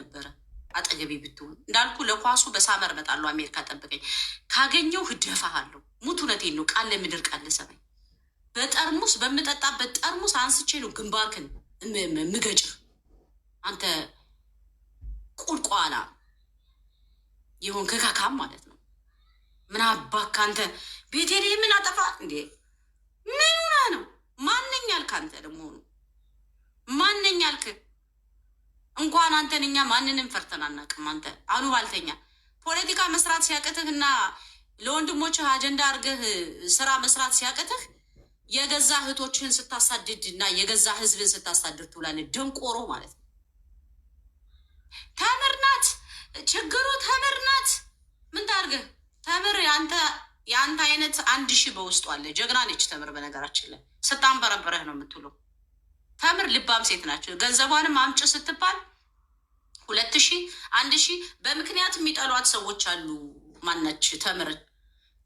ነበረ አጠገቤ ብትሆን እንዳልኩ ለኳሱ በሳመር እመጣለሁ። አሜሪካ ጠብቀኝ፣ ካገኘው እደፋሃለሁ። ሙት እውነቴን ነው። ቃል ለምድር ቃል ለሰማይ በጠርሙስ በምጠጣበት ጠርሙስ አንስቼ ነው ግንባርክን ምገጭህ አንተ ቁልቋላ የሆን ከካካም ማለት ነው። ምን አባክ ከአንተ ቤቴ ምን አጠፋ እንዴ? ምን ሆና ነው? ማነኛልክ አንተ ደግሞ ሆኑ ማነኛልክ እንኳን አንተን እኛ ማንንም ፈርተን አናውቅም። አንተ አኑ ባልተኛ ፖለቲካ መስራት ሲያቅትህ እና ለወንድሞችህ አጀንዳ አድርገህ ስራ መስራት ሲያቅትህ የገዛ እህቶችህን ስታሳድድ እና የገዛ ህዝብን ስታሳድድ ትውላለህ። ደንቆሮ ማለት ነው። ተምር ናት ችግሩ፣ ተምር ናት። ምን ታርገህ ተምር የአንተ የአንተ አይነት አንድ ሺህ በውስጡ አለ። ጀግና ነች ተምር። በነገራችን ላይ ስታንበረበረህ ነው የምትውለው። ተምር ልባም ሴት ናቸው። ገንዘቧንም አምጭ ስትባል ሁለት ሺ አንድ ሺ በምክንያት የሚጠሏት ሰዎች አሉ። ማነች ተምር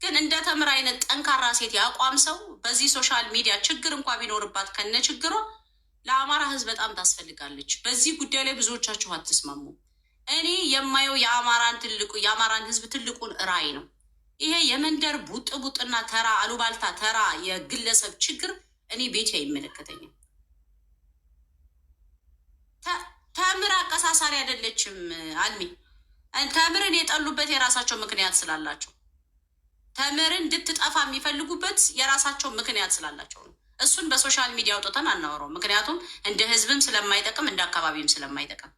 ግን እንደ ተምር አይነት ጠንካራ ሴት ያቋም ሰው በዚህ ሶሻል ሚዲያ ችግር እንኳ ቢኖርባት ከነ ችግሯ ለአማራ ሕዝብ በጣም ታስፈልጋለች። በዚህ ጉዳይ ላይ ብዙዎቻችሁ አትስማሙ። እኔ የማየው የአማራን ትልቁ የአማራን ሕዝብ ትልቁን ራዕይ ነው። ይሄ የመንደር ቡጥ ቡጥና ተራ አሉባልታ ተራ የግለሰብ ችግር እኔ ቤቴ አይመለከተኝም። ተምር አቀሳሳሪ አይደለችም። አልሚ ተምርን የጠሉበት የራሳቸው ምክንያት ስላላቸው ተምርን እንድትጠፋ የሚፈልጉበት የራሳቸው ምክንያት ስላላቸው ነው። እሱን በሶሻል ሚዲያ አውጥተን አናወረው፣ ምክንያቱም እንደ ህዝብም ስለማይጠቅም እንደ አካባቢም ስለማይጠቅም።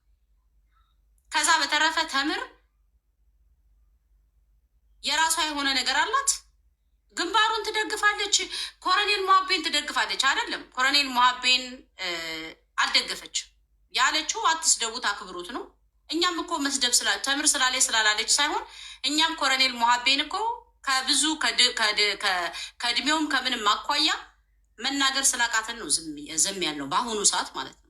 ከዛ በተረፈ ተምር የራሷ የሆነ ነገር አላት። ግንባሩን ትደግፋለች፣ ኮረኔል ሞሀቤን ትደግፋለች። አይደለም ኮረኔል ሞሀቤን አልደገፈች ያለችው አትስደቡት፣ አክብሩት ነው። እኛም እኮ መስደብ ተምር ስላላይ ስላላለች ሳይሆን እኛም ኮረኔል ሞሀቤን እኮ ከብዙ ከእድሜውም ከምንም አኳያ መናገር ስላቃተን ነው ዝም ያልነው በአሁኑ ሰዓት ማለት ነው።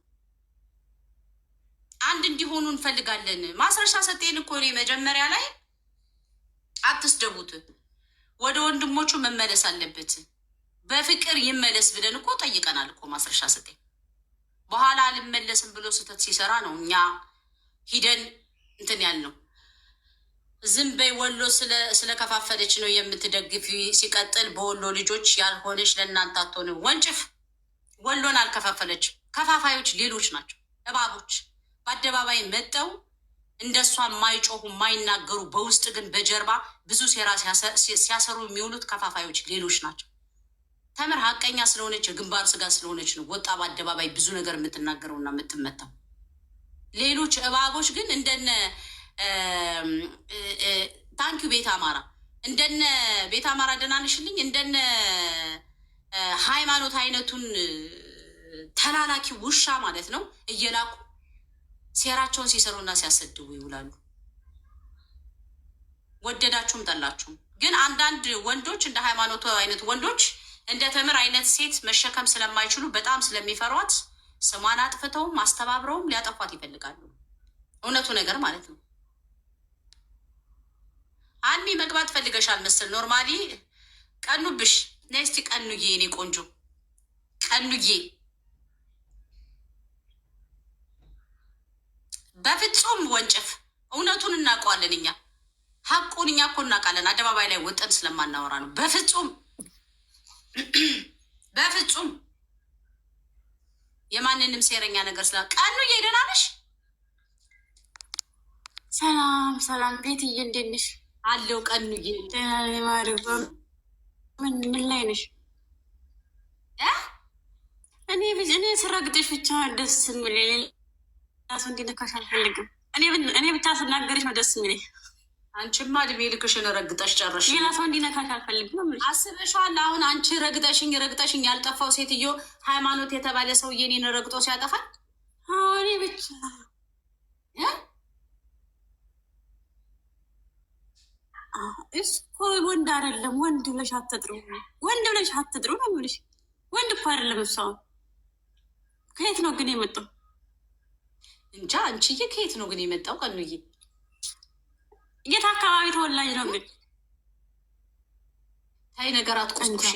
አንድ እንዲሆኑ እንፈልጋለን። ማስረሻ ሰጤን እኮ እኔ መጀመሪያ ላይ አትስደቡት፣ ወደ ወንድሞቹ መመለስ አለበት፣ በፍቅር ይመለስ ብለን እኮ ጠይቀናል እኮ ማስረሻ ሰጤን በኋላ አልመለስም ብሎ ስህተት ሲሰራ ነው እኛ ሂደን እንትን ያልነው። ዝም በይ ወሎ ስለከፋፈለች ነው የምትደግፊ። ሲቀጥል በወሎ ልጆች ያልሆነች ለእናንተ አትሆንም። ወንጭፍ ወሎን አልከፋፈለችም። ከፋፋዮች ሌሎች ናቸው፣ እባቦች በአደባባይ መጠው እንደሷ የማይጮሁ የማይናገሩ፣ በውስጥ ግን በጀርባ ብዙ ሴራ ሲያሰሩ የሚውሉት ከፋፋዮች ሌሎች ናቸው። ተምር ሀቀኛ ስለሆነች የግንባር ስጋ ስለሆነች ነው ወጣ በአደባባይ ብዙ ነገር የምትናገረውና የምትመታው። ሌሎች እባቦች ግን እንደነ ታንኪ ቤት አማራ እንደነ ቤት አማራ ደህና ነሽልኝ እንደነ ሃይማኖት አይነቱን ተላላኪ ውሻ ማለት ነው እየላኩ ሴራቸውን ሲሰሩና ሲያሰድቡ ይውላሉ። ወደዳችሁም ጠላችሁም። ግን አንዳንድ ወንዶች እንደ ሃይማኖቱ አይነት ወንዶች እንደ ተምር አይነት ሴት መሸከም ስለማይችሉ በጣም ስለሚፈሯት ስሟን አጥፍተውም አስተባብረውም ሊያጠፏት ይፈልጋሉ። እውነቱ ነገር ማለት ነው። አልሚ መግባት ፈልገሻል መሰል ኖርማሊ ቀኑብሽ። ነስቲ ቀኑዬ፣ እኔ ቆንጆ ቀኑዬ፣ በፍጹም ወንጭፍ። እውነቱን እናውቀዋለን እኛ ሀቁን እኛ እኮ እናውቃለን። አደባባይ ላይ ወጠን ስለማናወራ ነው። በፍጹም በፍጹም የማንንም ሴረኛ ነገር ስላ ቀኑ እየደህና ነሽ? ሰላም ሰላም፣ ቤትዬ እንዴት ነሽ? አለው ቀኑ ማድረግ ምን ምን ላይ ነሽ? እኔ እኔ ስረግጥሽ ብቻ ደስ የሚለኝ ሰው እንዲነካሽ አልፈልግም። እኔ ብቻ ስናገርሽ ነው ደስ የሚለኝ። አንቺማ እድሜ ልክሽን ረግጠሽ ጨረሽ። ሌላ ሰው እንዲነካሽ አልፈልግም። አስበሽዋል? አሁን አንቺ ረግጠሽኝ ረግጠሽኝ ያልጠፋው ሴትዮ ሃይማኖት የተባለ ሰው እኔን ረግጦ ሲያጠፋል እኔ ብቻ እኮ ወንድ አይደለም። ወንድ ብለሽ አትጥሩ፣ ወንድ ብለሽ አትጥሩ ነው የምልሽ። ወንድ እኮ አይደለም። እሷን ከየት ነው ግን የመጣው? እንጃ አንቺዬ፣ ከየት ነው ግን የመጣው ቀኑዬ? የት አካባቢ ተወላጅ ነው? ግን ታይ ነገራት አትቆስቁሽ፣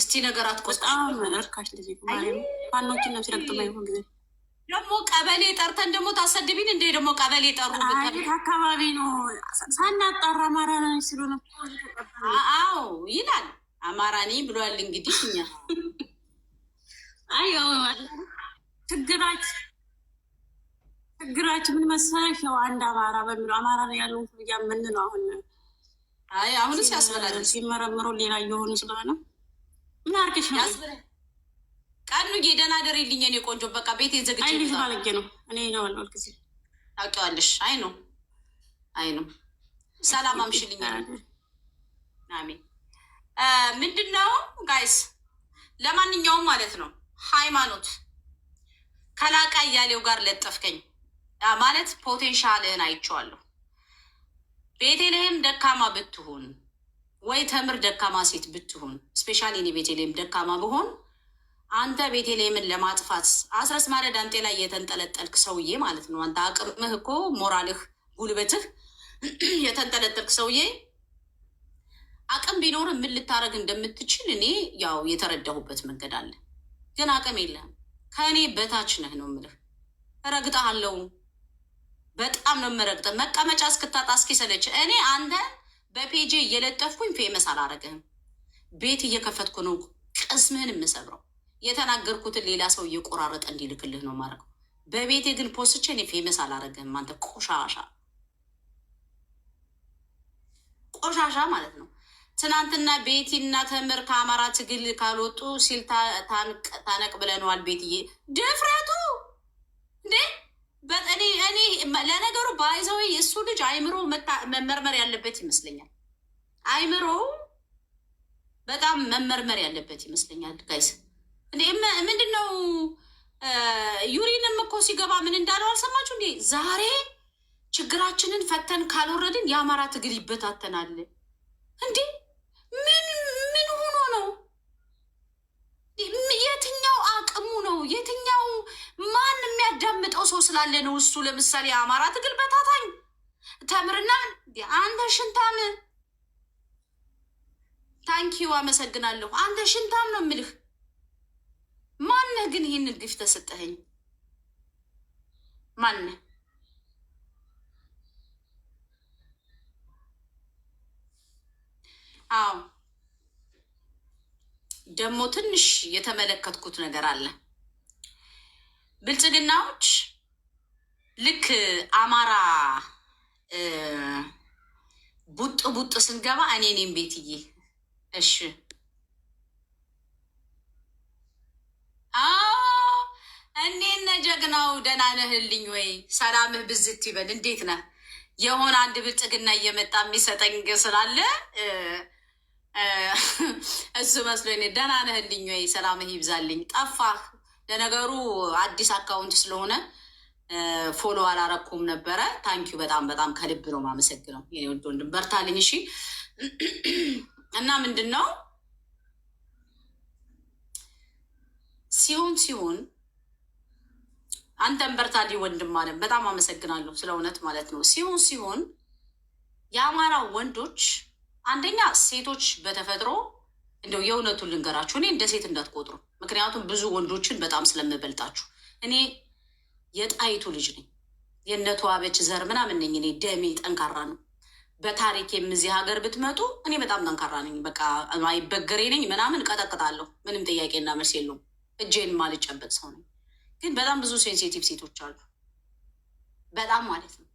እስቲ ነገራት ቆጣም እርካሽ ልጅ ፋኖችን ነው ሲረግጥ ይሆን ጊዜ ደግሞ ቀበሌ ጠርተን ደግሞ ታሰድቢን እንደ ደግሞ ቀበሌ ጠሩ አካባቢ ነው ሳናጣራ አማራ ነኝ ሲሉ ነው። አዎ ይላል አማራ ነኝ ብሏል። እንግዲህ እኛ አይ ችግራችን ችግራችን ምን መሰለሽ፣ ያው አንድ አማራ በሚለው አማራ ነው ያለው ያ ምን ነው አሁን አይ አሁን ሲያስበላል ሲመረምሩ ሌላ እየሆኑ ስለሆነ ምን አርገሽ ነው ቀኑ ደህና ደሪልኝ የእኔ ቆንጆ በቃ ቤት የዘግጅ ልጅ ባለጌ ነው። እኔ ነው ያለው ጊዜ ታውቂዋለሽ። አይ ነው አይ ነው ሰላም አምሽልኝ። አሜን። ምንድን ነው ጋይስ፣ ለማንኛውም ማለት ነው ሃይማኖት ከላቃ እያሌው ጋር ለጠፍከኝ ማለት ፖቴንሻልህን አይቼዋለሁ። ቤተልሔም ደካማ ብትሆን ወይ ተምር ደካማ ሴት ብትሆን ስፔሻሊ እኔ ቤተልሔም ደካማ ብሆን አንተ ቤተልሔምን ለማጥፋት አስረስ ማረ ዳምጤ ላይ የተንጠለጠልክ ሰውዬ ማለት ነው። አንተ አቅምህ እኮ ሞራልህ፣ ጉልበትህ የተንጠለጠልክ ሰውዬ አቅም ቢኖር ምን ልታደረግ እንደምትችል እኔ ያው የተረዳሁበት መንገድ አለ። ግን አቅም የለም። ከእኔ በታች ነህ ነው ምልህ። እረግጠሃለሁ በጣም ነው መረግጠ መቀመጫ እስክታጣ እስኪሰለች። እኔ አንተ በፔጄ እየለጠፍኩኝ ፌመስ አላረግህም። ቤት እየከፈትኩ ነው ቅስምህን የምሰብረው። የተናገርኩትን ሌላ ሰው እየቆራረጠ እንዲልክልህ ነው ማድረግ። በቤቴ ግን ፖስቼ እኔ ፌመስ አላረግህም። አንተ ቆሻሻ ቆሻሻ ማለት ነው። ትናንትና ቤቲና ተምር ከአማራ ትግል ካልወጡ ሲል ታነቅ ብለነዋል። ቤትዬ ድፍረቱ እንዴ! እኔ እኔ ለነገሩ በአይዘዊ የእሱ ልጅ አይምሮ መመርመር ያለበት ይመስለኛል። አይምሮ በጣም መመርመር ያለበት ይመስለኛል። ጋይስ እንዴ ምንድን ነው ዩሪንም እኮ ሲገባ ምን እንዳለው አልሰማችሁ እንዴ? ዛሬ ችግራችንን ፈተን ካልወረድን የአማራ ትግል ይበታተናል እንዴ ስላለ ነው። እሱ ለምሳሌ የአማራ ትግል በታታኝ ተምርና አንተ ሽንታም ታንኪዩ አመሰግናለሁ። አንተ ሽንታም ነው የምልህ። ማነ ግን ይህንን ግፍ ተሰጠኸኝ? ማነ አዎ ደግሞ ትንሽ የተመለከትኩት ነገር አለ ብልጽግናዎች ልክ አማራ ቡጥ ቡጥ ስንገባ እኔ እኔም ቤትዬ፣ እሺ እኔነ ጀግናው ደህና ነህልኝ ወይ? ሰላምህ ብዝት ይበል። እንዴት ነህ? የሆነ አንድ ብልጥግና እየመጣ የሚሰጠኝ ስላለ እሱ መስሎኝ። ደህና ነህልኝ ወይ? ሰላምህ ይብዛልኝ። ጠፋህ። ለነገሩ አዲስ አካውንት ስለሆነ ፎሎ አላረኩም ነበረ። ታንኪዩ በጣም በጣም ከልብ ነው ማመሰግነው የኔ ውድ ወንድም በርታልኝ። እሺ እና ምንድን ነው ሲሆን ሲሆን አንተን በርታልኝ ወንድም ማለት በጣም አመሰግናለሁ ስለ እውነት ማለት ነው። ሲሆን ሲሆን የአማራ ወንዶች አንደኛ ሴቶች በተፈጥሮ እንደው የእውነቱን ልንገራችሁ፣ እኔ እንደ ሴት እንዳትቆጥሩ። ምክንያቱም ብዙ ወንዶችን በጣም ስለምበልጣችሁ እኔ የጣይቱ ልጅ ነኝ። የእነቱ አበች ዘር ምናምን ነኝ። እኔ ደሜ ጠንካራ ነው። በታሪኬም እዚህ ሀገር ብትመጡ እኔ በጣም ጠንካራ ነኝ። በቃ አይበገሬ ነኝ ምናምን ቀጠቅጣለሁ። ምንም ጥያቄና መልስ የለውም። እጄን ማልጨበጥ ሰው ነኝ። ግን በጣም ብዙ ሴንሲቲቭ ሴቶች አሉ። በጣም ማለት ነው